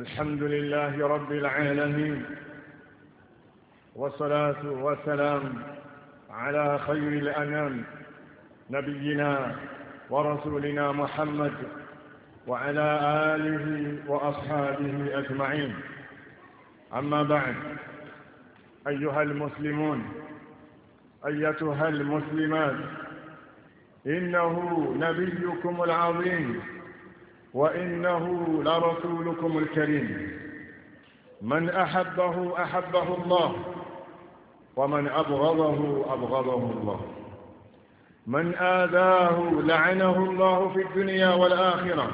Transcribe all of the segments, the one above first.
الحمد لله رب العالمين والصلاة والسلام على خير الأنام نبينا ورسولنا محمد وعلى آله وأصحابه أجمعين أما بعد أيها المسلمون أيتها المسلمات إنه نبيكم العظيم وإنه لرسولكم الكريم من أحبه أحبه الله ومن أبغضه أبغضه الله من آذاه لعنه الله في الدنيا والآخرة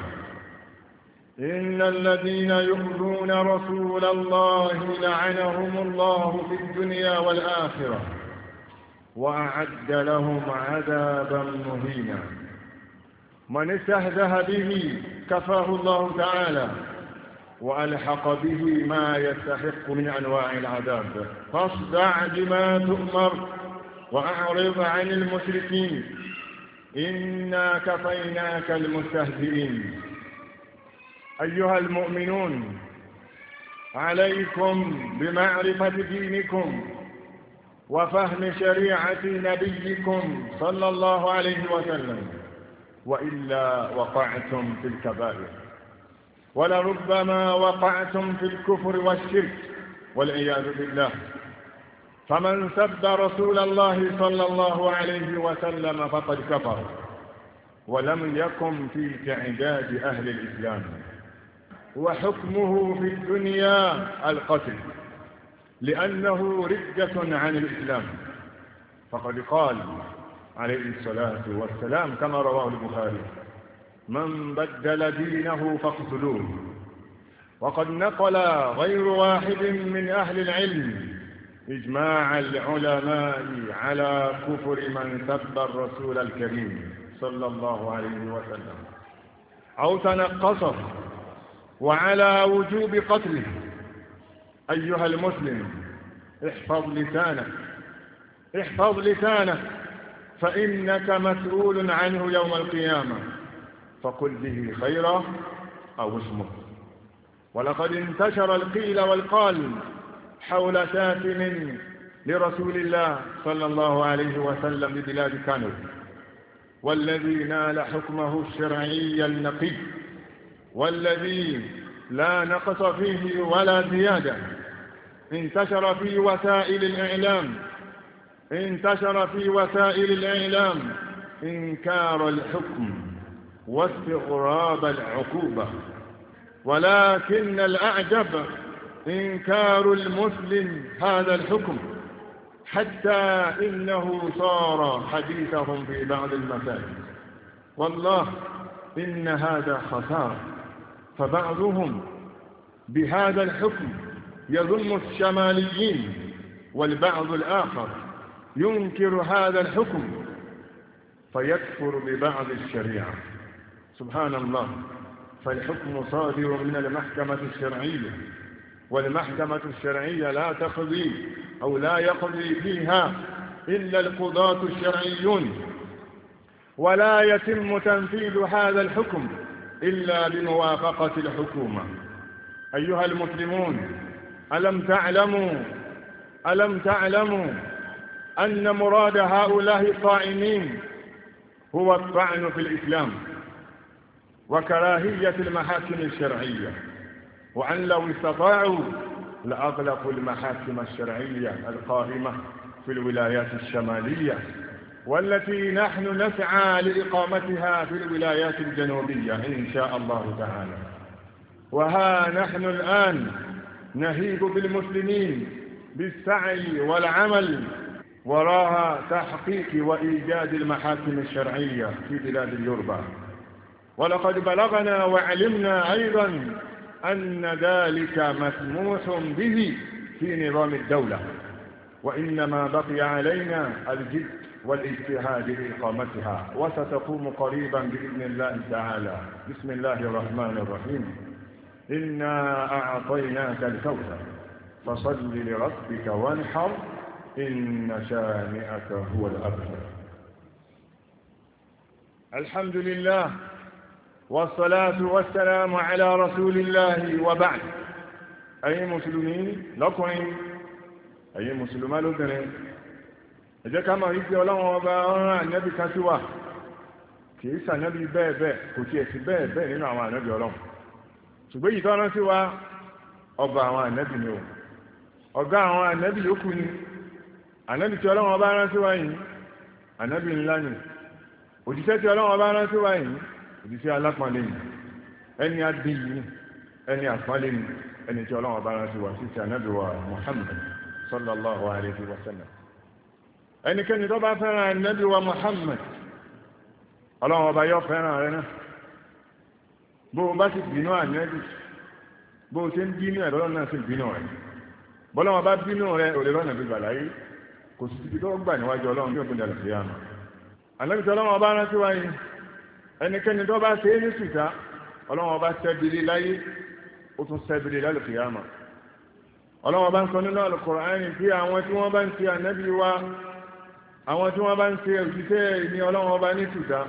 إن الذين يؤذون رسول الله لعنهم الله في الدنيا والآخرة وأعد لهم عذابا مهينا من استهزه به كفاه الله تعالى وألحق به ما يستحق من أنواع العذاب فاصدع بما تؤمر وأعرض عن المشركين إنا كفيناك المستهزئين أيها المؤمنون عليكم بمعرفة دينكم وفهم شريعة نبيكم صلى الله عليه وسلم وإلا وقعتم في الكبائر ولربما وقعتم في الكفر والشرك والعياذ بالله فمن سب رسول الله صلى الله عليه وسلم فقد كفر ولم يقم في تعداد أهل الإسلام وحكمه في الدنيا القتل لأنه ردة عن الإسلام فقد قال عليه الصلاة والسلام كما رواه البخاري من بدل دينه فاقتلوه وقد نقل غير واحد من أهل العلم إجماع العلماء على كفر من سب الرسول الكريم صلى الله عليه وسلم أو تنقصه وعلى وجوب قتله أيها المسلم احفظ لسانك احفظ لسانك فإنك مسؤول عنه يوم القيامة فقل به خيرا أو اسمه ولقد انتشر القيل والقال حول ساتم لرسول الله صلى الله عليه وسلم ببلاد كانو والذي نال حكمه الشرعي النقي والذي لا نقص فيه ولا زيادة انتشر في وسائل الإعلام انتشر في وسائل الإعلام إنكار الحكم واستغراب العقوبة ولكن الأعجب إنكار المسلم هذا الحكم حتى إنه صار حديثهم في بعض المساجد والله إن هذا خسارة فبعضهم بهذا الحكم يظن الشماليين والبعض الآخر ينكر هذا الحكم فيكفر ببعض الشريعة سبحان الله فالحكم صادر من المحكمة الشرعية والمحكمة الشرعية لا تقضي أو لا يقضي فيها إلا القضاة الشرعيون ولا يتم تنفيذ هذا الحكم إلا بموافقة الحكومة أيها المسلمون ألم تعلموا ألم تعلموا أن مراد هؤلاء الطائمين هو الطعن في الإسلام وكراهية المحاكم الشرعية وأن لو استطاعوا لأغلقوا المحاكم الشرعية القائمة في الولايات الشمالية والتي نحن نسعى لإقامتها في الولايات الجنوبية إن شاء الله تعالى وها نحن الآن نهيب بالمسلمين بالسعي والعمل وراها تحقيق وإيجاد المحاكم الشرعية في بلاد اليربع ولقد بلغنا وعلمنا أيضا أن ذلك مسموح به في نظام الدولة وإنما بقي علينا الجد والاجتهاد لإقامتها وستقوم قريبا بإذن الله تعالى بسم الله الرحمن الرحيم إنا أعطيناك الكوثر فصل لربك وانحر إن شانئك هو الأبتر الحمد لله والصلاة والسلام على رسول الله وبعد ẹ̀yin mùsùlùmí lọ́kùnrin ẹ̀yin mùsùlùmá lóbìnrin ẹ jẹ́ ká máa rí pé ọlọ́run ọba ọ̀rán ànábì kan sí wà kìí sànábì bẹ́ẹ̀ bẹ́ẹ̀ kò tiẹ̀ sí bẹ́ẹ̀ bẹ́ẹ̀ nínú àwọn ànábì ọlọ́run ṣùgbọ́n yìí tọ́rán sí wa ọba àwọn ànábì ni o ọ̀gá àwọn ànábì yòókù ni ànábì tí ọlọ́run ọba rán sí wa yìí ànábì ńlá ni òjíṣẹ́ tí ọlọ́run ọba rán sí wa yìí òjíṣẹ́ alápọ̀nlé ni ẹni adé yìí ni ẹni àpọ́nlé ni ẹni tí ọlọ́run ọba rán sí wa sí ti ànábì wa Muhammad sallallahu alayhi wa sallam ẹnikẹ́ni tó bá fẹ́ràn ànábì wa Muhammad ọlọ́run ọba yóò fẹ́ràn rẹ náà bó o bá sì bínú ànábì bó o ṣe ń bínú ẹ̀ náà sì bínú rẹ bọ́lọ́run ọba bínú rẹ òlè lọ́nà bí gbàláyé kò sí ibi tó gbà níwájú ọlọ́run ní òpin ìdàlùfẹ́ àná àlẹ́bìtì ọlọ́run ọba rántí wáyé ẹnikẹ́ni tó bá ṣe é ní sùtá ọlọ́run ọba sẹ́bìrì láyé ó tún sẹ́bìrì lálùfẹ́ àmà ọlọ́run ọba ń sọ nínú Al-Kùránì pé àwọn tí wọ́n bá ń ṣe ànábì wa àwọn tí wọ́n bá ń ṣe òṣìṣẹ́ ìní ọlọ́run ọba ní sùtá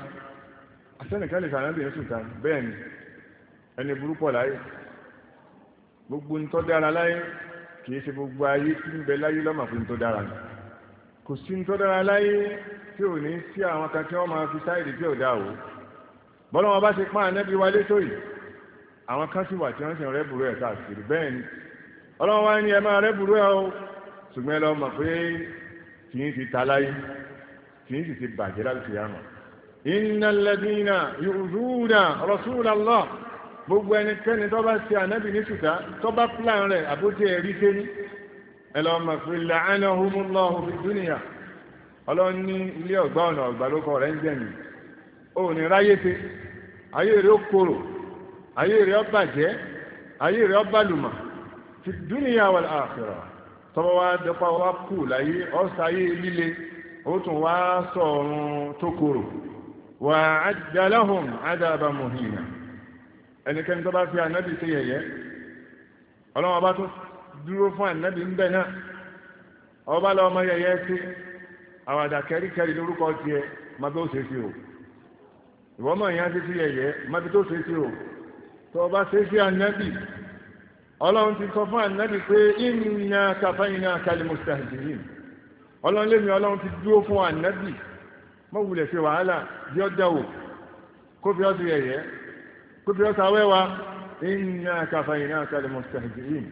àṣẹ́nìkan lè sànábì ní sùtá bẹ́ẹ̀ ni ẹni burúkú láyé gbogbo ń tọ́ dára láyé kì í ṣe gbogbo ayé tí ń bẹ láyé lọ́mọ̀ fún ń dára ni kò sí ní tó dára láyé tí ò ní sí àwọn kan tí wọ́n máa fi sáìdì tí ò dá o bọ́lá wọn bá ṣe pán ànẹ́bí wa létò yìí àwọn kan sì wà tí wọ́n sì ń rẹ́bùrú ẹ̀ káàkiri bẹ́ẹ̀ ni ọlọ́wọ́n wá ní ẹ máa rẹ́bùrú ẹ̀ o ṣùgbọ́n ẹ lọ mọ̀ pé kì í ti ta láyé kì í sì ti bàjẹ́ láti yàmọ̀ iná lẹ́bìnà yorùdúnà rọ̀ṣúlọ́lọ́ gbogbo ẹnikẹ́ni tó bá ṣe ànẹ́bí ní ṣùtá tó bá plan ẹlọ́mọ̀ fi làánà húnmúláhùn fi dúnìyà ọlọ́run ní ilé ọ̀gbá ọ̀nà ọ̀gbà ló kọ rẹ̀ ń jẹ̀mí ó ní ráyé ṣe ayé rẹ̀ ó korò ayé rẹ̀ ó bàjẹ́ ayé rẹ̀ ó bàlùmọ̀ fi dúnìyà wal akhirah tọ́wọ́ wá dẹ́pọ̀ wá kù láyé ọ̀sàyé líle ó tún wá sọ̀rùn tó korò wà á dalahum adaba ẹnikẹ́ni tó bá fi ànábì ṣe yẹ̀yẹ́ ọlọ́run ọba tó dúró fún ànábì ń bẹ̀ náà ọba lọ ọmọ yẹyẹ sí àwàdà kẹríkẹrí lórúkọ o ìwọ́n mọ̀ ìyá ti yẹyẹ tó ṣe o tó ọba ṣe sí ànábì ọlọ́run ti sọ fún ànábì pé ìnìyàn kàfáyìnà kalimustahdirin ọlọ́run lémi ọlọ́run ti dúró fún ànábì mọ́ wulẹ̀ ṣe wàhálà bí ó dẹ̀wò kó fi ọ́ fi ìnìyàn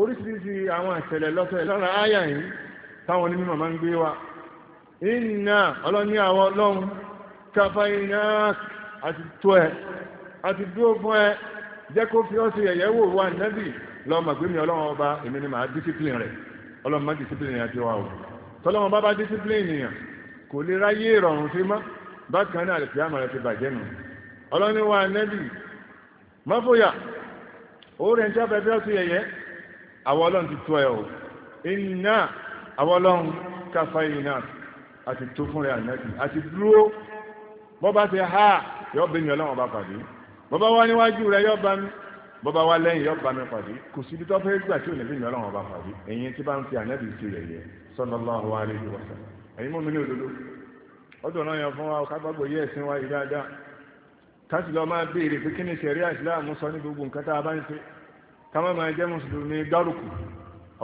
oríṣiríṣi àwọn ìṣẹ̀lẹ̀ lọ́sẹ̀ lọ́ra áyà yìí táwọn onímọ̀ máa ń gbé wa iná ọlọ́ni àwọn ọlọ́run káfá iná àti tó ẹ àti dúró fún ẹ jẹ́ kó fi ọ́ sí ẹ̀yẹ́ wò wá nẹ́bì lọ́mọ gbé mi ọlọ́run ọba èmi ni màá discipline rẹ̀ ọlọ́run má discipline yẹn ti wá o tọ́lọ́run bá bá discipline yẹn kò lè ráyé ìrọ̀rùn sí mọ́ bákan náà lè fi àmọ̀ rẹ̀ ti bàjẹ́ nù ọlọ́ni wa nẹ́bì má ó rẹ̀ ń tí a fẹ́ fi ọ́ sí ẹ̀yẹ́ àwọn ọlọ́run ti tó ẹ inna iná àwọn ọlọ́run káfá iná àti tó fún rẹ ànábì àti dúró bọ́ bá ti ha yọ bẹ mi ọlọ́run ọba pàdé bọ́ bá wá níwájú rẹ yọ bá mi bọ́ bá wá lẹ́yìn yọ bá mi pàdé kò síbi tó fẹ́ gbà tí ò ní bẹ mi ọlọ́run ọba pàdé ẹ̀yin tí bá ń fi ànábì ṣe yẹ̀yẹ́ sallallahu alaihi wasallam ẹ̀yin mú mi ní òdodo ọdún náà yàn fún wa ká gbàgbọ́ yẹ ẹ̀sìn wa ìdáadáa ká sì lọ máa béèrè pé kí ni ṣẹ̀ríà ìsìláàmù sọ ní gbogbo nǹkan tá a bá ń kama máa jẹ́ mùsùlùmí gbárùkù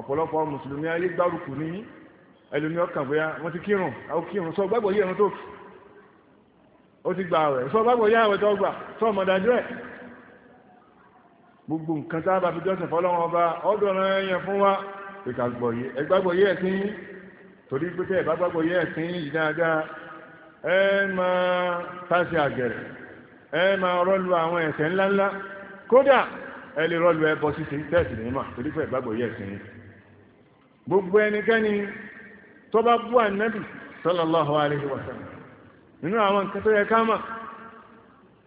ọ̀pọ̀lọpọ̀ mùsùlùmí ayé gbárùkù ní ẹlòmí ọkàn bóyá wọ́n ti kírun àwọn kírun sọ gbàgbọ́ yìí ẹ̀rọ tó kì ó ti gbà rẹ̀ sọ gbàgbọ́ yìí àwẹ̀ tó gbà sọ ọmọdájú ẹ̀ gbogbo nǹkan tá a bá fi jọ́sìn fọlọ́wọ́n ọba ọdọ̀ ọ̀ràn yẹn fún wa pé ká gbọ́ yìí ẹ ẹ lè rọ́lu ẹbọ ṣíṣe tẹ́ẹ̀sì ní mà torí pé ìgbàgbọ́ yẹ ẹ̀sìn ni gbogbo ẹnikẹ́ni tó bá bú ànábì sallallahu alaihi wasallam nínú àwọn nǹkan tó yẹ ká mà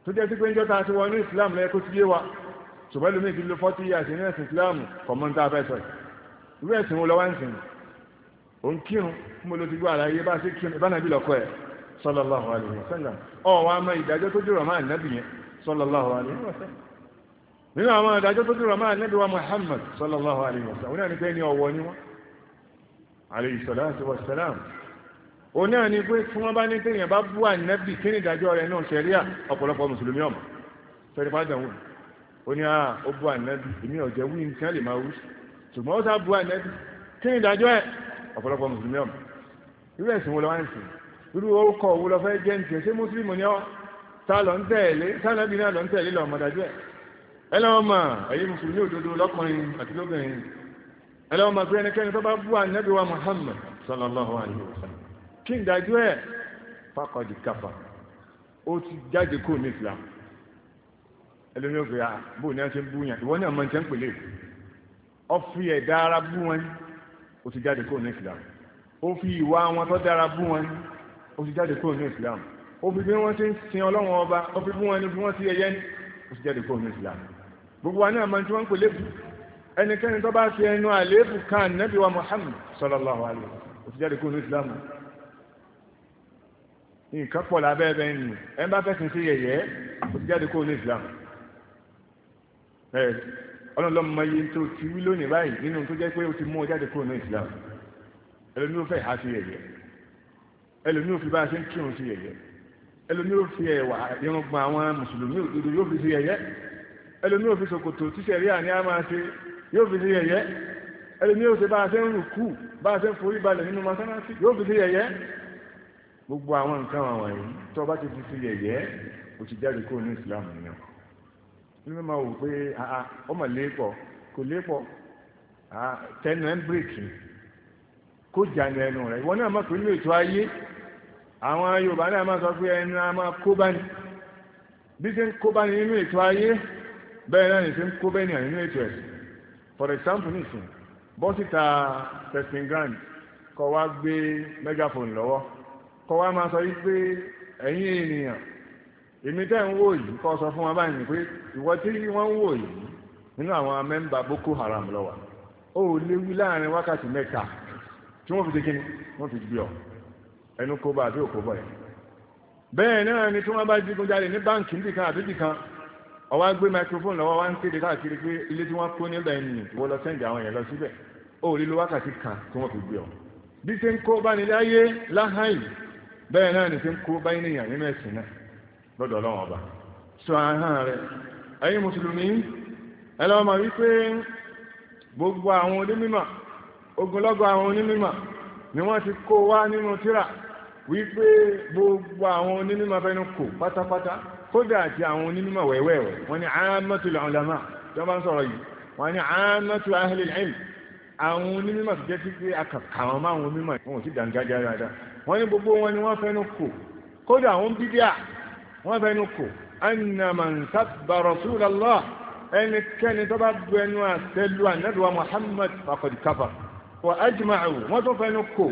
tó jẹ́ sí pé níjọ́ ta ti wọ inú islam lẹ́yẹ kó ti yé wa ṣùgbọ́n lómi ti lo fọ́tí yíyà sí ní ẹ̀sìn islam kọ̀mọ́ntà afẹ́sọ̀ ìwé ẹ̀sìn wo lọ́wọ́ ń sìn òun kírun fún mo ló ti gbọ́ àlàyé bá sí kírun ìbánabí lọ́kọ́ ẹ̀ sallallahu alaihi wasallam ọ̀ ìdájọ́ tó jùrọ̀ máa nábì yẹn sallallahu nínú àwọn àdájọ́ tó dúró máa nẹ́bí wa Muhammad sallallahu alayhi wa sallam oní àníkẹ́ ní ọwọ́ ní wọ́n alayhi salatu wa salam oní àní pé tí wọ́n bá ní pé èèyàn bá bú ànẹ́bì kí ni ìdájọ́ rẹ̀ náà ṣẹ̀ríà ọ̀pọ̀lọpọ̀ mùsùlùmí ọmọ sẹ́ni padà wù ó ní àá ah, ó bú ànẹ́bì èmi ọ̀jẹ̀ wí ẹlọ́ọ̀mà ẹ̀yí mùsùlùmí òdodo lọ́kùnrin àti lóbìnrin ẹlọ́ọ̀mà pé ẹnikẹ́ni tó bá bú ànábì wa Muhammad sallallahu alayhi wa sallam kí n dájú ẹ̀ faqad kafa ó ti jáde kó ní Islam ẹlẹ́ni òfin à bó ní a ṣe ń bú yàn ìwọ náà máa ń tẹ́ ń pèlè ọ fi ẹ̀dá ara bú wọn ó ti jáde kó ní Islam ó fi ìwà wọn tó dára bú wọn ó ti jáde kó ní Islam ó fi bí wọ́n ti sin ọlọ́wọ́n ọba ó fi bú wọn ní bí wọ́n ti ẹ̀yẹ́ ó ti jáde kó ní Islam gbogbo wa náà máa tí wọ́n ń pè lébù ẹnikẹ́ni tó bá fi ẹnu àléébù kan ànábì wa Muhammad sallallahu alaihi wasallam òfin jáde kó ní Islam nǹkan pọ̀ lábẹ́ ẹbẹ̀ nù ẹ bá ó fi bá a àwọn mùsùlùmí òdodo fi sí yẹ̀yẹ́ ẹlòmí ò fi ṣòkòtò tí sẹ̀ríà ní a máa ṣe yóò fi ṣe yẹ̀yẹ́ ẹlòmí ò ṣe bá a ṣe ń rùkú bá a ṣe ń forí balẹ̀ nínú mọ́sálásí yóò fi ṣe yẹ̀yẹ́ gbogbo àwọn nǹkan àwọn yìí tó bá ti fi ṣe yẹ̀yẹ́ o ti jáde kúrò ní ìsìlámù náà nínú máa wò pé ọmọ lépọ̀ kò lépọ̀ tẹnu ẹ̀ ń bírèkì kó jàǹdà ẹnu rẹ̀ ìwọ náà mọ̀ pé nínú ètò ayé àwọn Yorùbá náà máa sọ pé ẹnu a máa kó bá ní bí ṣe ń kó bá ní nínú ètò ayé bẹ́ẹ̀ náà nìsín kó bẹ́ẹ̀ ètò for example nìsín bọ́sìta testing ground kọ́ wá gbé megaphone lọ́wọ́ kọ́ wá máa sọ yí pé ẹ̀yin ènìyàn èmi tẹ́ ń wò yìí kọ́ sọ fún wa báyìí pé ìwọ tí wọ́n Boko Haram ló o ó léwu láàrin wákàtí mẹ́ta tí wọ́n fi kíni wọ́n fi ọ ẹnu kó bá bẹ́ẹ̀ ni tí wọ́n bá ní báǹkì níbìkan ọwá gbé microphone lọ́wọ́ wá ń kéde káàkiri pé ilé tí wọ́n kó níbẹ̀ ni wọ́n lọ sẹ́ǹdì àwọn èèyàn lọ síbẹ̀ ó rí lo wákàtí kan tí wọ́n fi gbé ọ bí ṣe ń kó bá ní bẹ́ẹ̀ náà ni ṣe ń kó bá ní èèyàn nínú ẹ̀sìn náà lọ́dọ̀ ọlọ́run ọba sọ ahọ́n rẹ ẹ̀yin mùsùlùmí ẹ máa wí pé gbogbo àwọn onímọ̀ ogunlọ́gọ̀ àwọn onímọ̀ ni wọ́n ti kó wá nínú tírà wí pé gbogbo àwọn onímọ̀ fẹ́nu kò pátápátá kódà àti àwọn onímọ̀ wẹ̀wẹ̀wẹ̀ wọ́n ní àmọ́tò ulama tí wọ́n bá ń sọ̀rọ̀ yìí wọ́n ní àmọ́tò ahli al-ilm àwọn onímọ̀ tó jẹ́ títí akàkà wọn máa wọn mímọ̀ wọn ò sí dàngájá dáadáa wọ́n ní gbogbo wọn ni wọ́n fẹ́nu kò kódà àwọn bídíà wọ́n fẹ́nu kò anna man sabba rasulallah ẹnikẹ́ni tó bá bu ẹnu àtẹ́lu ànádùwà muhammad faqad kafar wa ajma'u wọ́n tó fẹ́nu kò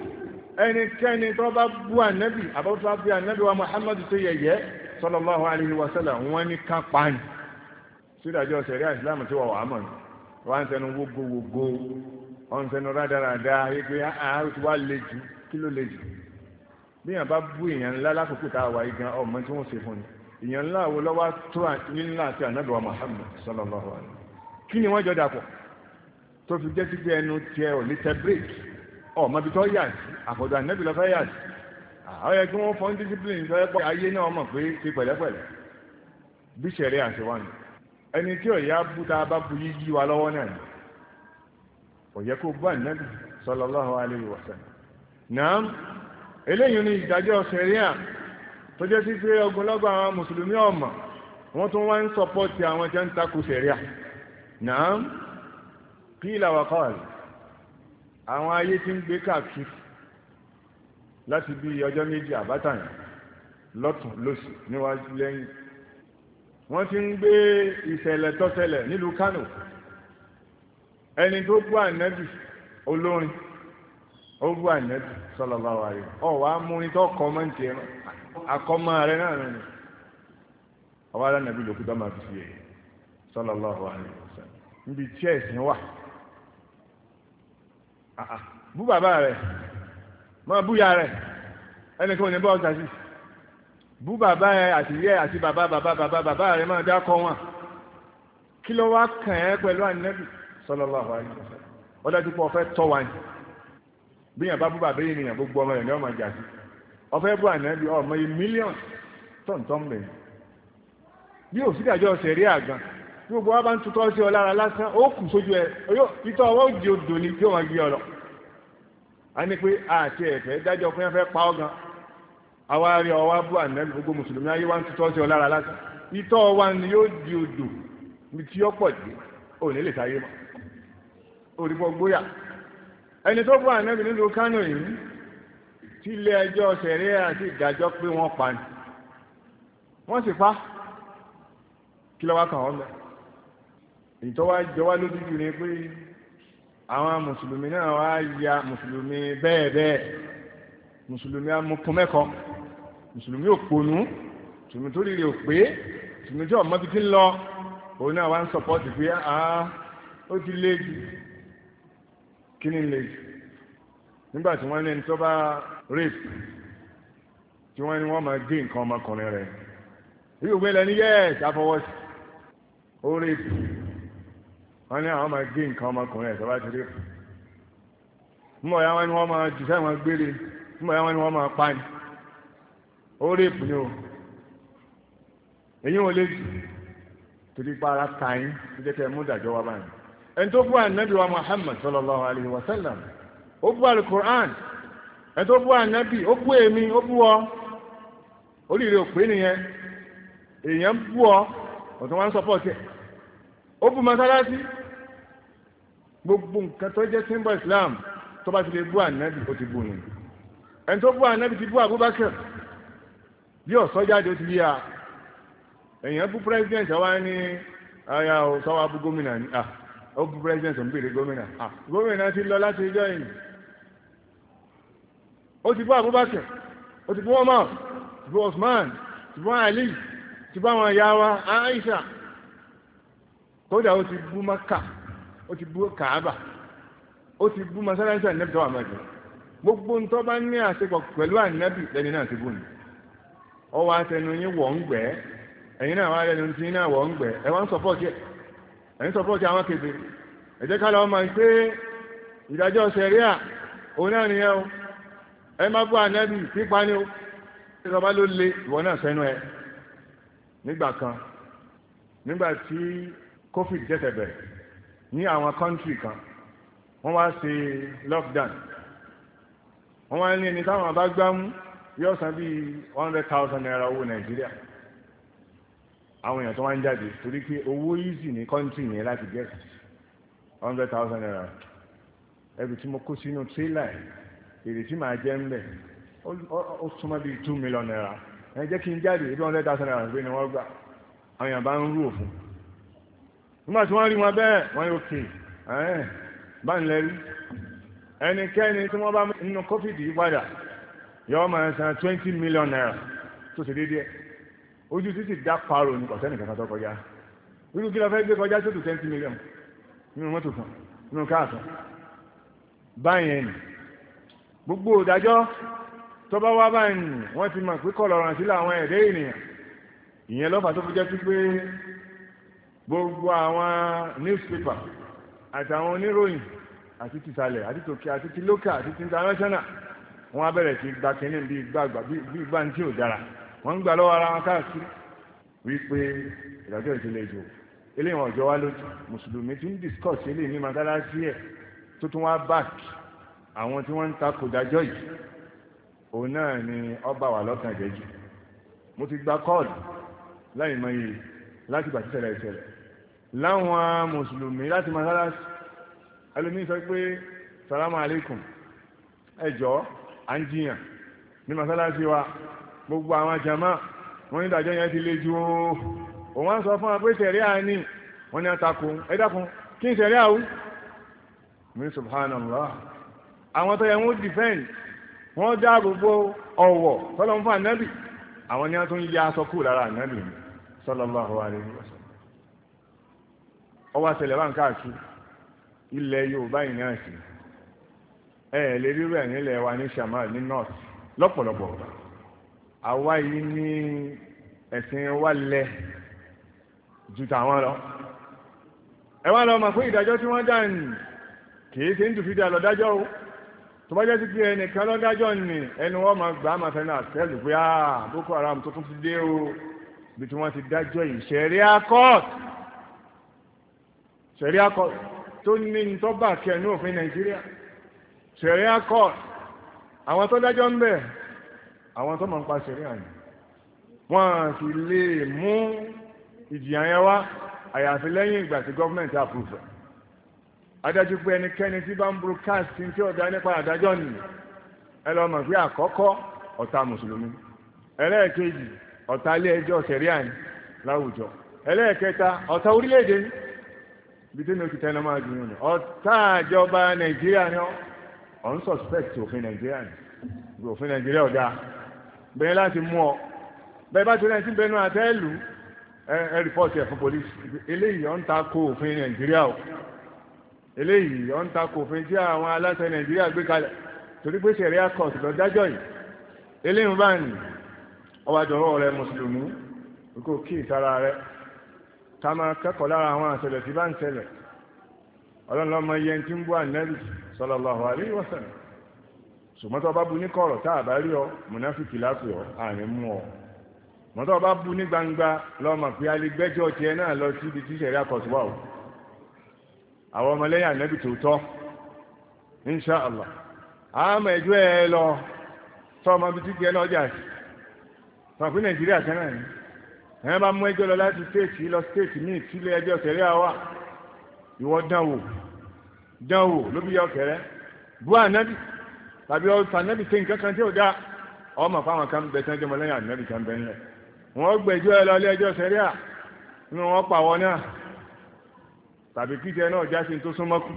ẹnikẹ́ni tó bá bu ànábì àbọ̀tọ́ àbí ànádùwà muhammad tó yẹ̀yẹ́ sallallahu alaihi wa sallam wọ́n ní ká pa ní sídàjọ́ sẹ̀rí àìsílámù tí wà wà á mọ̀ wọ́n ń sẹnu wógówógó wọ́n ń sẹnu rádaràdá wípé àá ti wá le jù kí ló le jù bí yàn bá bú èèyàn ńlá lákòókò tá a wà igan ọmọ tí wọ́n ṣe fún ni èèyàn ńlá wo lọ́wọ́ tó nílá àti ànábìwá Muhammad sallallahu alaihi kí ni wọ́n jọ dàpọ̀ tó fi jẹ́ sí pé ẹnu tiẹ̀ ò ní tẹ bírèkì ọmọ ibi tó yà sí àfọ̀dọ̀ ànábì lọ́fẹ́ yà sí àwọn yẹ kí wọ́n fọ́n discipline sọ pé ayé náà mọ̀ pé ti pẹ̀lẹ́pẹ̀lẹ́ bí ṣẹ̀rí àṣewọ́n ni ẹni tí ọ̀yá bú tá a bá bu yíyí wa lọ́wọ́ náà ni ọ̀yẹ́ kó bú ànábì sallallahu alaihi wasallam náà eléyìí ni ìdájọ́ ṣẹ̀ríà tó jẹ́ sí pé ogunlọ́gọ̀ àwọn mùsùlùmí ọ̀mọ̀ wọ́n tún wá ń sọpọ́tì àwọn jẹ́ ń takò ṣẹ̀ríà náà kí ìlàwọ̀ kọ́ọ̀lù àwọn ayé ti ń gbé káàkiri láti bí ọjọ́ méjì àbátàyàn lọ́tún lósì níwájú lẹ́yìn wọ́n ti ń gbé ìṣẹ̀lẹ̀ tó nílùú Kánò ẹni tó bú ànẹ́bì olórin ó bú ànẹ́bì sallallahu alaihi ọ̀wá múrin tó kọ́ mọ́ ti ẹran akọ́mọ́ rẹ náà rẹ̀ ọwọ́ alánàbí lòkútọ́ máa fi sí ẹ̀ sallallahu níbi tí ẹ̀sìn wà bú bàbá rẹ̀ mọ búya rẹ ẹnìkan ò ní bọ ọjà sí bú bàbá ẹ àti yẹ àti bàbá bàbá bàbá bàbá rẹ máa dá kọ wọn kí ló wá kàn ẹ pẹ̀lú ànínẹbì sallallahu alaihi wasallam ọdọ tí kò fẹ́ tọ wa ni bí yàn bá bú bàbá yìí nìyàn gbogbo ọmọ rẹ ní ọmọ ìjà sí ọfẹ bú ànínẹbì ọmọ yìí mílíọ̀nù tọ̀ntọ̀n bẹ̀ bí ò sí ìdájọ́ sẹ̀rí àgàn tí gbogbo wa bá ń tutọ́ sí ọ lára lásán ó kù sójú ẹ ìtọ́ ọwọ́ òjì odò ni tí ó máa gbé ọ lọ a ní pé àti ẹ̀fẹ́ dájọ́ fún ẹfẹ́ pa ọ́gan àwa rí ọwá bú ànẹ́bí gbogbo mùsùlùmí ayé wa ń tutọ́ sí ọ lára láti itọ́ wa ni yóò di odò ní tí ó pọ̀ dé ò ní lè sáyé mọ́ òrìbọ gbóyà ẹni tó bú ànẹ́bí nílùú Kánò yìí tí ilé ẹjọ́ sẹ̀rẹ́ àti ìdájọ́ pé wọ́n pa ni wọ́n sì fa kí lọ́wọ́ kàn wọ́n mẹ́ ìtọ́wá jọ wá lójú ni pé àwọn mùsùlùmí náà wá ya mùsùlùmí bẹ́ẹ̀ bẹ́ẹ̀ mùsùlùmí amúkúnmẹ́kọ mùsùlùmí òpònú mùsùlùmí tó rírì òpé mùsùlùmí tí ọmọ títí ń lọ òun náà wá ń sọpọ́tì pé àá ó ti lé jù kí ni lè jù nígbà tí wọ́n ní ẹni tó bá rape tí wọ́n ní wọ́n máa gé nǹkan ọmọkùnrin rẹ̀ ìwé ògbélẹ̀ ní yẹ́ẹ̀sì àfọwọ́sí ó rape wọ́n ní àwọn máa gé nǹkan ọmọkùnrin ẹ̀ tó ti rí ya wọn ni wọ́n máa jù sẹ́wọ̀n gbére ya wọn ni wọ́n máa pa ni ó o èyí onye lè jù torí pa ara ta yín mú wa báyìí ẹni tó wa Muhammad alayhi wa sallam ó alukur'an ẹni tó ànábì ó èmi ó ọ oríire òpè nìyẹn èèyàn bú ọ ọ̀tún sọ masalasi. gbogbo nǹkan tó jẹ́ símbọ̀ islam tó bá ti lè bú ànábì ó ti bú ni ẹni tó bú ànábì ti bú abubakar bí ọ̀sọ́ jáde ó ti yíya èèyàn bú president wa ní ara ọ̀sọ́ wa bú gómìnà ní ah ó bú president ń béèrè gómìnà ah gómìnà ti lọ láti ijọ́ yìí ó ti bú abubakar ó ti bú omar ti bú osman ti bú ali ti bú àwọn ìyá wa aisha kódà ó ti bú maka ó ti bú kàábà ó ti bú masalasi ànábì tó wà mọ́jọ gbogbo ń tọ́ bá ní àṣepọ̀ pẹ̀lú ànábì lẹ́ni náà ti bú ni ọ wá tẹnu yín wọ̀ ń gbẹ́ ẹ̀yin náà wá lẹ́nu tí yín náà wọ̀ ń gbẹ́ ẹ wá ń sọpọ́ọ̀tì ẹ̀yin sọpọ́ọ̀tì àwọn kébé ẹ ká lọ́ọ́ máa ń pé ìdájọ́ sẹ̀ríà òun náà nìyẹn o ẹ má bú ànábì pípa ni o ìjọba ẹ nígbà kan nígbà tí covid ní àwọn kọ́ńtì kan wọ́n wá ṣe lockdown wọ́n wá ní ẹni táwọn bá gbámú yóò san bí one hundred thousand naira owó nàìjíríà àwọn èèyàn tó wá ń jáde torí pé owó easy ní kọ́ńtì yẹn láti get one hundred thousand naira ẹbí tí mo kó sínú tírélà èrè tí màá jẹ́ ń bẹ̀ ó súnmọ́ bíi two million naira ẹ jẹ́ kí n jáde bí one hundred thousand naira gbé ni wọ́n gbà àwọn èèyàn bá ń rú òfin nígbà tí wọ́n rí wọn bẹ́ẹ̀ wọ́n yóò kè ẹ́ẹ̀ bá ń lẹ́rí ẹnikẹ́ni tí wọ́n bá nínú covid yìí padà yọ máa san twenty million naira tó ṣe déédéé ojú títí dá paro ní ọ̀sẹ́ nìkan tó kọjá irú kí lọ fẹ́ gbé kọjá tó tó twenty million nínú mọ́tò kan nínú káàtó báyìí ẹni gbogbo òdájọ́ tó bá wá báyìí wọ́n ti mọ̀ pé kọ̀lọ̀rọ̀ sí làwọn ẹ̀dẹ́ ènìyàn ìyẹn lọ́fà tó fi jẹ́ pé gbogbo àwọn newspaper àtàwọn oníròyìn àti tìsàlẹ̀ àti tòkè àti ti local àti ti international wọ́n á bẹ̀rẹ̀ sí gba kínní bí gbàgbà bí gbà ní tí ò dára wọ́n ń gbà lọ́wọ́ ara wọn káàkiri wípé ìdájọ́ ìṣẹ̀lẹ̀ ètò eléyìí wọn wa lójú mùsùlùmí ti ń discuss eléyìí ní magalasi ẹ̀ tó tún wá back àwọn tí wọ́n ń ta kò dájọ́ yìí òun náà ni ọba wà lọ́kàn jẹ́jú mo ti gba kọ́ọ̀lù láì mọ iye láti gbà tí ìṣẹ̀lẹ̀ ìṣẹ̀lẹ̀ láwọn mùsùlùmí láti masalasi ẹlòmí sọ pé salamu alaikum ẹjọ́ à ń jiyàn ní masalasi wa gbogbo àwọn jama wọ́n ní ìdájọ́ yẹn ti le ju òun sọ fún wa pé tẹ̀rí àní wọ́n ní àtakò ẹ̀dàkùn kí n tẹ̀rí àwú mi subhanallah àwọn tó yẹ wọ́n dìfẹ́ǹd wọ́n dáàbò bo ọ̀wọ̀ tọ́lọ́mùfà nẹ́bì àwọn ni wọ́n tún yí aṣọ kù lára nẹ́bì sallallahu alaihi wasallam ọwọ́ àṣẹlẹ̀ bá ń káàkiri ilẹ̀ Yorùbá yìí náà sí ẹ̀ lè rírú ẹ̀ nílẹ̀ wa ní shamal ní north lọ́pọ̀lọpọ̀ àwa yìí ní ẹ̀sìn wa lẹ̀ ju tàwọn lọ ẹ wá lọ mọ̀ pé ìdájọ́ tí wọ́n dá ní kìí ṣe ń dùfídà lọ dájọ́ o tó bá jẹ́ sí pé ẹnìkan lọ dájọ́ ní ẹnu wọn máa gbà á máa fẹ́ràn àtẹ́lù pé ah Boko Haram tó ti dé o bí tí wọ́n ti dájọ́ ìṣẹ̀rí akọ́ọ̀tù Sharia court tó ní tọ́bà kẹ ní òfin Nàìjíríà Sharia court àwọn tó dájọ́ ń bẹ̀ àwọn tó mọ̀ ń pa Sharia ni wọ́n sì lè mú ìjìyà yẹn wá àyàfi lẹ́yìn ìgbà tí gọ́ọ̀mẹ̀ntì àpùfẹ̀ adájú pé ẹnikẹ́ni tí bá ń broadcast tí ọ̀dá nípa àdájọ́ nìyí ẹ lọ mọ̀ pé àkọ́kọ́ ọ̀tá mùsùlùmí ẹlẹ́ẹ̀kejì ọ̀tá ilé ẹjọ́ ṣẹ̀ríà ní láwùjọ ẹlẹ́ẹ̀kẹta ọ̀tá orílẹ̀-èdè bí tí ní oṣù tẹnu máa dùn ní ọ̀tá àjọba nàìjíríà ni ọ ń suspect òfin nàìjíríà ni òfin nàìjíríà ọ̀dà bẹ́ẹ̀ láti mú ọ bẹ́ẹ̀ bá ti rẹ̀ sí bẹnu àtẹ́lù ẹ rìpọ́ọ̀tì ẹ̀ fún polisi eléyìí ọ̀ ń ta ko òfin nàìjíríà o eléyìí ọ̀ ń ta ko òfin tí àwọn aláṣẹ nàìjíríà gbé kalẹ̀ torí pé sẹ̀ríà court lọ dájọ́ yìí eléyìí bá ní ọwọ́ àjọwọ́ rẹ mùsùlùmí kò kí rẹ ká máa kẹ́kọ̀ọ́ lára àwọn àṣẹlẹ̀ tí bá ń ṣẹlẹ̀ ọlọ́lọ́mọ tí ń bú sallallahu alaihi ṣùgbọ́n bá bu ní kọ̀rọ̀ tá a bá rí ọ mùnáfíkì ọ àní mú ọ mọ́tò bá bu ní gbangba lọ́mọ pé aligbẹ́jọ́ tiẹ̀ náà lọ síbi tí ìṣẹ̀rí àkọsíwá o àwọn ọmọlẹ́yìn ànẹ́bì Allah àmọ́ ẹjọ́ ẹ lọ tọ́ ọmọ sí pé Nàìjíríà ẹ̀yìn bá mú ẹjọ́ lọ láti stéètì lọ stéètì ní ìtúlẹ̀ ẹjọ́ kẹrẹ́ àwà ìwọ dánwò dánwò ló bí yọ kẹrẹ́ bú ànábì tàbí ọ̀sán ànábì ṣe nǹkan kan tí ò dáa ọmọ fáwọn kan bẹ tán jẹmọ lẹ́yìn ànábì kan bẹ ńlẹ̀ wọ́n gbẹ́jọ́ ẹ lọ lẹ́jọ́ kẹrẹ́ à inú wọn pa wọn náà tàbí kí tiẹ̀ náà jásin tó súnmọ́ kù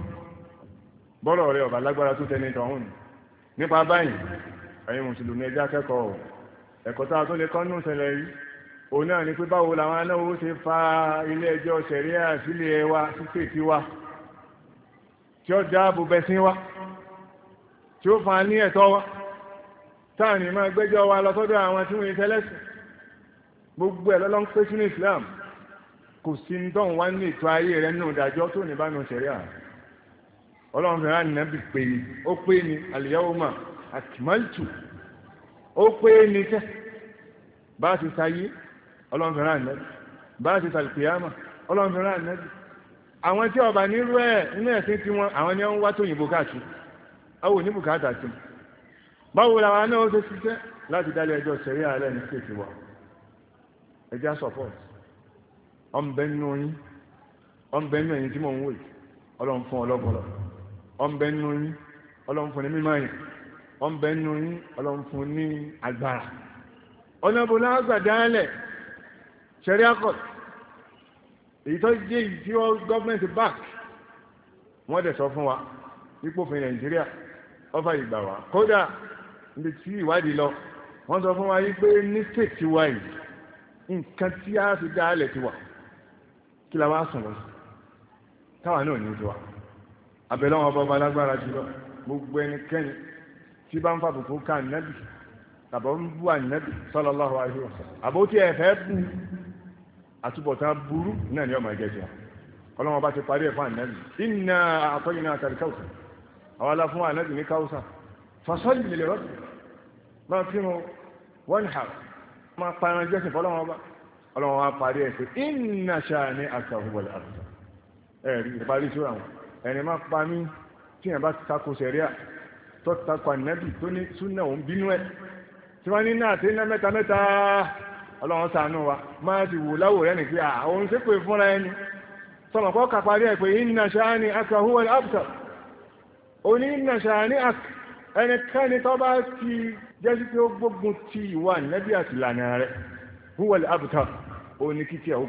bọ́rọ̀ rẹ ọ̀bà lágbára tó tẹni tọ̀hún nípa báyìí ẹ̀yin mùsùlùmí ẹjẹ́ akẹ́kọ̀ọ́ ẹ̀kọ́ tá a tún lè kọ́ nù sẹlẹ̀ yìí O náà ni pé báwo làwọn anáwó ṣe fa ilé ẹjọ́ sẹ̀ríà sílé wa sísè tí wa tí ó dáàbò bẹ́sìn wa tí ó fa ní ẹ̀tọ́ wa táà ní máa gbẹ́jọ́ wa lọ àwọn tí wọ́n tẹ́lẹ̀sìn gbogbo ẹ̀ lọ́lọ́ ń pé sínú Islam kò sí ń dán wá ní ètò ayé rẹ̀ nínú ìdájọ́ tó ní bánu sẹ̀ríà ọlọ́run fẹ́ràn nínú pé ó pé ní al-yawma akmaltu ó pé ní tẹ́ bá ti sáyé ọlọ́run fẹ́ràn ànẹ́bì bá ṣe sàlùkìyàmà ọlọ́run fẹ́ràn ànẹ́bì àwọn tí ọba nírú ẹ̀ nínú ẹ̀sìn tí wọn àwọn ni wọ́n wá tó yìnbó káàkiri àwọn ní bùkátà sí báwo làwọn náà ó ṣe ṣiṣẹ́ láti dálé ẹjọ́ sẹ̀rí ààrẹ ní ṣèṣì wa ẹjá support ọmọbẹ̀nú yín ọmọbẹ̀nú ẹ̀yìn tí mò ń wò yìí ọlọ́run fún ọlọ́pọlọ ọmọbẹ̀nú yín ọlọ́run fún ní mímọ́ yìí ọmọbẹ̀nú yín ọlọ́run fún ní agbára ọ̀nà bò lágbàdálẹ̀ sharia court èyí tó jẹ́ èyí tí wọ́n gọ́ọ̀mẹ́ntì back wọ́n dẹ̀ sọ fún wa nípòfin nàìjíríà ọfà ìgbà wa kódà níbi tí ìwádìí lọ wọ́n sọ fún wa yí pé ní state wa yìí nǹkan tí a fi dá alẹ̀ ti wà kí la wá sùn lọ táwa náà ní tiwa abẹ́lẹ́ wọn bọ́ba lágbára jùlọ gbogbo ẹnikẹ́ni tí bá ń fa bùkún ká ànábì tàbí ń bú ànábì sallallahu alaihi wasallam àbótí ẹ̀fẹ́ bú àtúbọ̀tán burú náà ni ọmọ ẹgẹ́ sí ọlọ́wọ́ bá ti parí ẹ̀fọ́ ànẹ́bì iná àtọ́yìnà àtàríkàwùsà àwọn alá fún ànẹ́bì ní káwùsà fasọ́lì lè rọ́bì máa fi hàn wọ́n hà máa paran jẹ́sìn fọ́lọ́wọ́ bá ọlọ́wọ́ bá parí ẹ̀fọ́ iná ṣáà ní àtàwùbọ̀lẹ̀ àtàwùbọ̀lẹ̀ ẹ̀rí ìparí sóra wọn ọlọ́run ṣàánú wa máa ti wò láwò rẹ̀ nìkí à òun sì pé fúnra ẹni sọmọ kọ́ ẹ̀ pé inna shani aka huwa al-abtar ó shani aka ẹnikẹ́ni tó bá ti jẹ́ sí pé ó gbógun ti ìwà nẹ́bí àti ìlànà rẹ̀ huwa al-abtar ó ní kí tí ẹ̀ ó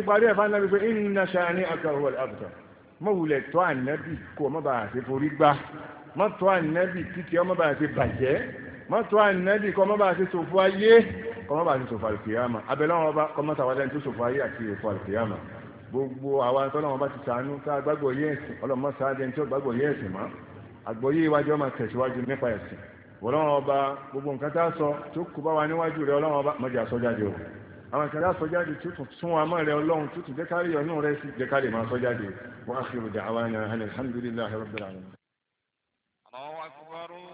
pin shani aka huwa al-abtar mọ̀wulẹ̀ tó ànẹ́bì kó ọmọ bàá ṣe forí gbá mọ́tò mọ́tò ànábì kọmọ́bà sí sòfò ayé kọmọ́bà sí sòfò àlùkìyàmà abẹ́lọ́wọ́n ọba kọmọ́tà wájá tó sòfò ayé àti èfò àlùkìyàmà gbogbo àwọn tọ́lọ́wọ́n bá ti sànú ká gbàgbọ́ yẹ́ẹ̀sì ọlọ́mọ sáájẹ́ tí ó gbàgbọ́ yẹ́ẹ̀sì mọ́ àgbọ́yé iwájú ọmọ tẹ̀síwájú nípa ẹ̀sìn ọlọ́wọ́n ọba gbogbo nǹkan tá a sọ tó kù bá wa níwájú rẹ ọlọ́wọ́n ọba mọ̀jà sọ jáde o àwọn kan láti sọjáde tí ó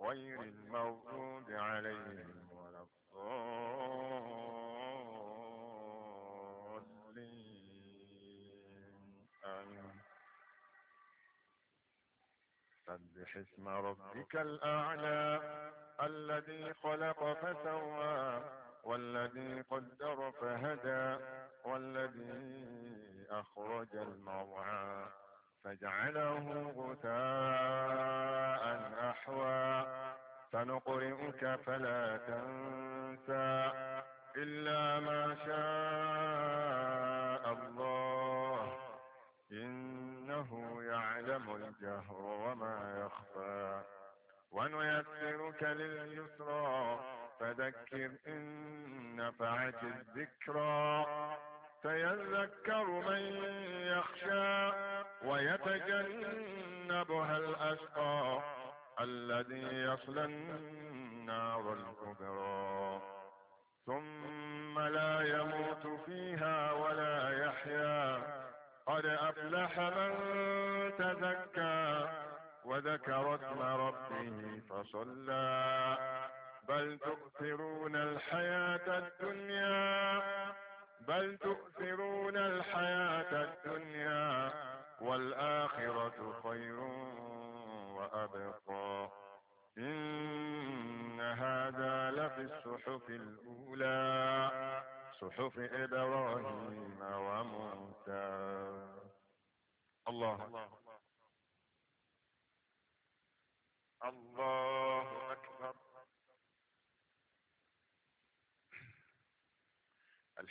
غير المغضوب عليهم ولا الضالين آمين سبح اسم ربك الأعلى الذي خلق فسوى والذي قدر فهدى والذي أخرج المرعى فجعله غثاء أحوى سنقرئك فلا تنسى إلا ما شاء الله إنه يعلم الجهر وما يخفى ونيسرك لليسرى فذكر إن نفعت الذكرى سيذكر من يخشى ويتجنبها الأشقى الذي يصلى النار الكبرى ثم لا يموت فيها ولا يحيا قد أفلح من تزكى وذكر اسم ربه فصلى بل تؤثرون الحياة الدنيا بل تؤثرون الحياة الدنيا والآخرة خير وأبقى إن هذا لفي الصحف الأولى صحف إبراهيم وموسى الله الله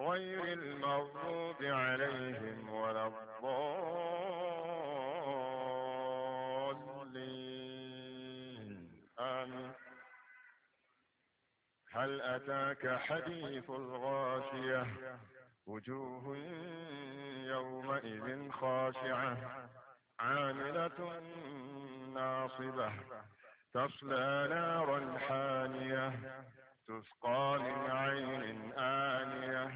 غير المغضوب عليهم ولا الضالين آمين هل أتاك حديث الغاشية وجوه يومئذ خاشعة عاملة ناصبة تصلى نارا حامية تسقى من عين آنية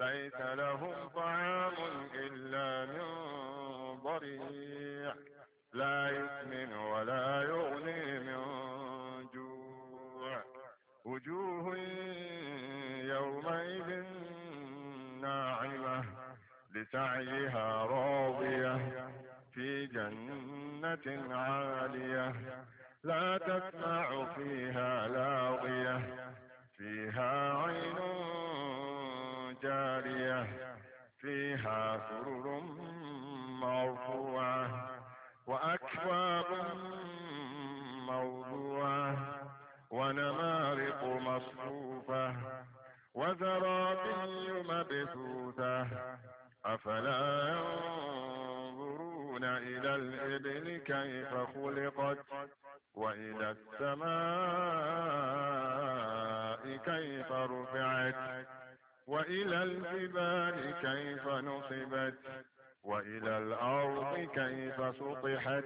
ليس لهم طعام إلا من ضريع لا يسمن ولا يغني من جوع وجوه يومئذ ناعمة لسعيها راضية في جنة عالية لا تسمع فيها لاغية فيها عين جارية فيها سرر مرفوعة وأكواب موضوعة ونمارق مصفوفة وزرابي مبثوثة أفلا ينظر ينظرون إلى الإبل كيف خلقت وإلى السماء كيف رفعت وإلى الجبال كيف نصبت وإلى الأرض كيف سطحت